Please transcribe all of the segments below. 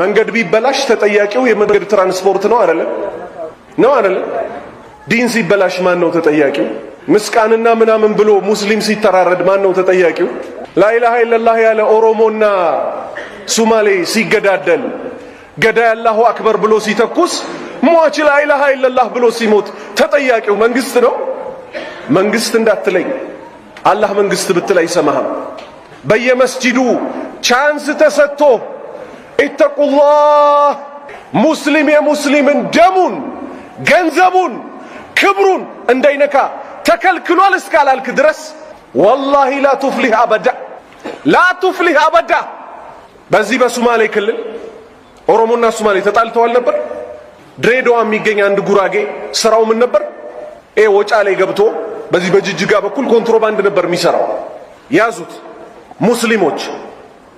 መንገድ ቢበላሽ ተጠያቂው የመንገድ ትራንስፖርት ነው አይደለም? ነው አይደለም? ዲን ሲበላሽ ማን ነው ተጠያቂው? ምስቃንና ምናምን ብሎ ሙስሊም ሲተራረድ ማን ነው ተጠያቂው? ላኢላሃ ኢለላህ ያለ ኦሮሞና ሱማሌ ሲገዳደል ገዳይ አላሁ አክበር ብሎ ሲተኩስ ሟች ላኢላሃ ኢለላህ ብሎ ሲሞት ተጠያቂው መንግስት ነው? መንግስት እንዳትለኝ አላህ መንግስት ብትል አይሰማህም። በየመስጂዱ ቻንስ ተሰጥቶ ኢተቁላህ ሙስሊም የሙስሊምን ደሙን፣ ገንዘቡን፣ ክብሩን እንዳይነካ ተከልክሏል እስካላልክ ድረስ ወላሂ ላቱፍሊህ አበዳ ላቱፍሊህ አበዳ። በዚህ በሶማሌ ክልል ኦሮሞና ሶማሌ ተጣልተዋል ነበር። ድሬዳዋ የሚገኝ አንድ ጉራጌ ስራው ምን ነበር? ኤ ወጫ ላይ ገብቶ በዚህ በጅጅጋ በኩል ኮንትሮባንድ ነበር የሚሰራው። ያዙት ሙስሊሞች።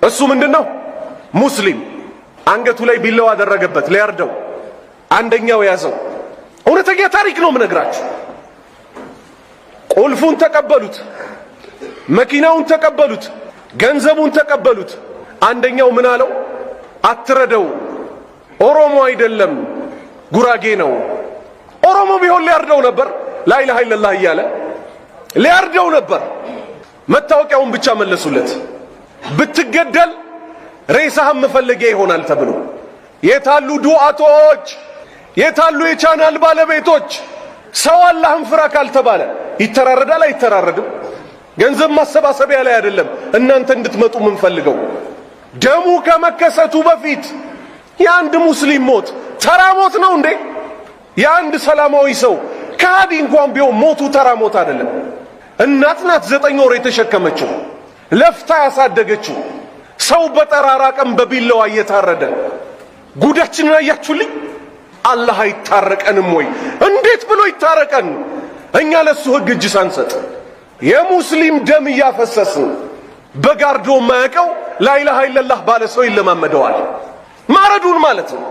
እሱ ምንድን ነው ሙስሊም አንገቱ ላይ ቢላው አደረገበት ሊያርደው። አንደኛው ያዘው። እውነተኛ ታሪክ ነው ምነግራችሁ። ቁልፉን ተቀበሉት፣ መኪናውን ተቀበሉት፣ ገንዘቡን ተቀበሉት። አንደኛው ምን አለው? አትረደው፣ ኦሮሞ አይደለም ጉራጌ ነው። ኦሮሞ ቢሆን ሊያርደው ነበር። ላኢላሃ ኢለላህ እያለ ሊያርደው ነበር። መታወቂያውን ብቻ መለሱለት። ብትገደል ሬሳህም መፈለጊያ ይሆናል ተብሎ የታሉ ዱዓቶች? የታሉ የቻናል ባለቤቶች? ሰው አላህን ፍራ ካልተባለ ይተራረዳል አይተራረድም? ገንዘብ ማሰባሰቢያ ላይ አይደለም እናንተ እንድትመጡ የምንፈልገው። ደሙ ከመከሰቱ በፊት የአንድ ሙስሊም ሞት ተራ ሞት ነው እንዴ? የአንድ ሰላማዊ ሰው ከሃዲ እንኳን ቢሆን ሞቱ ተራ ሞት አይደለም። እናት ናት ዘጠኝ ወር የተሸከመችው ለፍታ ያሳደገችው ሰው በጠራራ ቀን በቢላዋ እየታረደ ጉዳችንን አያችሁልኝ። አላህ አይታረቀንም ወይ? እንዴት ብሎ ይታረቀን? እኛ ለሱ ህግ እጅ ሳንሰጥ የሙስሊም ደም እያፈሰስን በጋርዶ ማያቀው ላይላሃ ኢለላህ ባለ ሰው ይለማመደዋል። ማረዱን ማለት ነው።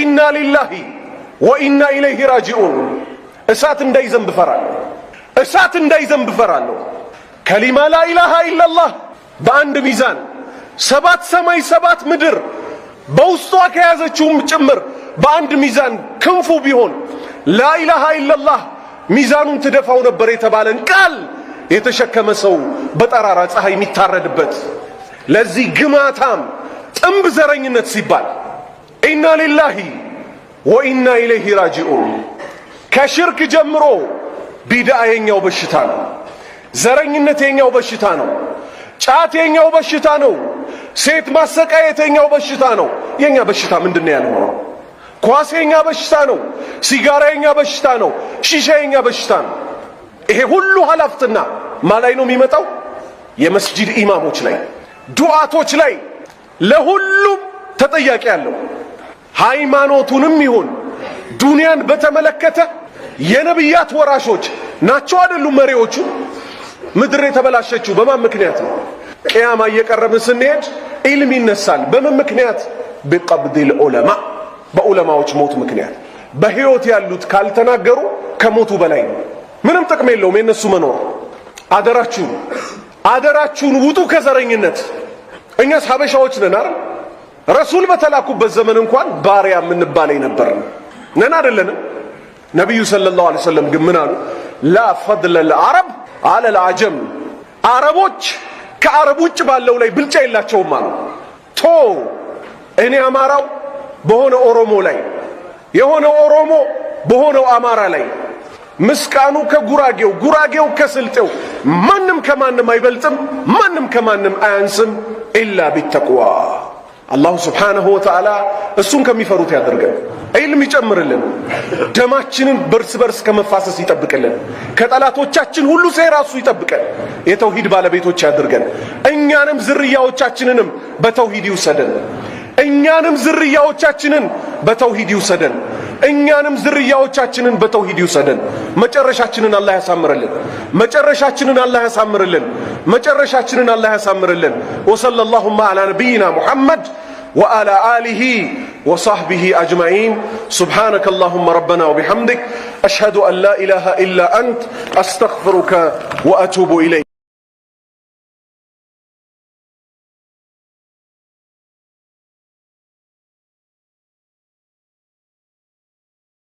ኢና ሊላሂ ወኢና ኢለይሂ ራጂኡን። እሳት እንዳይዘንብ እፈራለሁ። እሳት እንዳይዘንብ እፈራለሁ። ከሊማ ላኢላሃ ኢለላህ በአንድ ሚዛን ሰባት ሰማይ ሰባት ምድር በውስጧ ከያዘችውም ጭምር በአንድ ሚዛን ክንፉ ቢሆን ላኢላሃ ኢለላህ ሚዛኑን ትደፋው ነበር የተባለን ቃል የተሸከመ ሰው በጠራራ ፀሐይ የሚታረድበት ለዚህ ግማታም ጥንብ ዘረኝነት ሲባል ኢና ሊላሂ ወኢና ኢለይሂ ራጂኡን ከሽርክ ጀምሮ ቢድአ የኛው በሽታ ነው። ዘረኝነት የኛው በሽታ ነው። ጫት የኛው በሽታ ነው። ሴት ማሰቃየት የኛው በሽታ ነው። የኛ በሽታ ምንድን ነው ያልሆነው? ኳስ የኛ በሽታ ነው። ሲጋራ የኛ በሽታ ነው። ሺሻ የኛ በሽታ ነው። ይሄ ሁሉ ሀላፍትና ማላይ ነው የሚመጣው የመስጂድ ኢማሞች ላይ፣ ዱዓቶች ላይ፣ ለሁሉም ተጠያቂ ያለው ሃይማኖቱንም ይሁን ዱንያን በተመለከተ የነብያት ወራሾች ናቸው አይደሉም? መሪዎቹ ምድር የተበላሸችው በማን ምክንያት ነው? ቅያማ እየቀረብን ስንሄድ ኢልም ይነሳል። በምን ምክንያት? ቢቀብዲል ዑለማ በዑለማዎች ሞት ምክንያት። በህይወት ያሉት ካልተናገሩ ከሞቱ በላይ ነው። ምንም ጥቅም የለውም የነሱ መኖር። አደራችሁን አደራችሁን ውጡ ከዘረኝነት። እኛስ ሀበሻዎች ነን አይደል? ረሱል በተላኩበት ዘመን እንኳን ባሪያ የምንባለ ነበር። ነን አይደለንም? ነቢዩ ሰለላሁ ዐለይሂ ወሰለም ግን ምን አሉ? ላ ፈድለ ልአረብ አለል አጀም አረቦች ከአረብ ውጭ ባለው ላይ ብልጫ የላቸውም አሉ። ቶ እኔ አማራው በሆነ ኦሮሞ ላይ የሆነ ኦሮሞ በሆነው አማራ ላይ ምስቃኑ ከጉራጌው ጉራጌው ከስልጤው ማንም ከማንም አይበልጥም፣ ማንም ከማንም አያንስም ኢላ ቢተቅዋ አላሁ ስብሓነሁ ወተዓላ እሱን ከሚፈሩት ያደርገን፣ ዒልም ይጨምርልን፣ ደማችንን በርስ በርስ ከመፋሰስ ይጠብቅልን፣ ከጠላቶቻችን ሁሉ ሴራ እሱ ይጠብቀን፣ የተውሂድ ባለቤቶች ያደርገን፣ እኛንም ዝርያዎቻችንንም በተውሂድ ይውሰደን፣ እኛንም ዝርያዎቻችንን በተውሂድ ይውሰደን፣ እኛንም ዝርያዎቻችንን በተውሂድ ይውሰደን። መጨረሻችንን አላህ ያሳምርልን። መጨረሻችንን አላህ ያሳምርልን። መጨረሻችንን አላህ ያሳምርልን። ወሰለላሁማ ዐላ ነቢይና ሙሐመድ وعلى آله وصحبه أجمعين سبحانك اللهم ربنا وبحمدك أشهد أن لا إله إلا أنت أستغفرك وأتوب إليك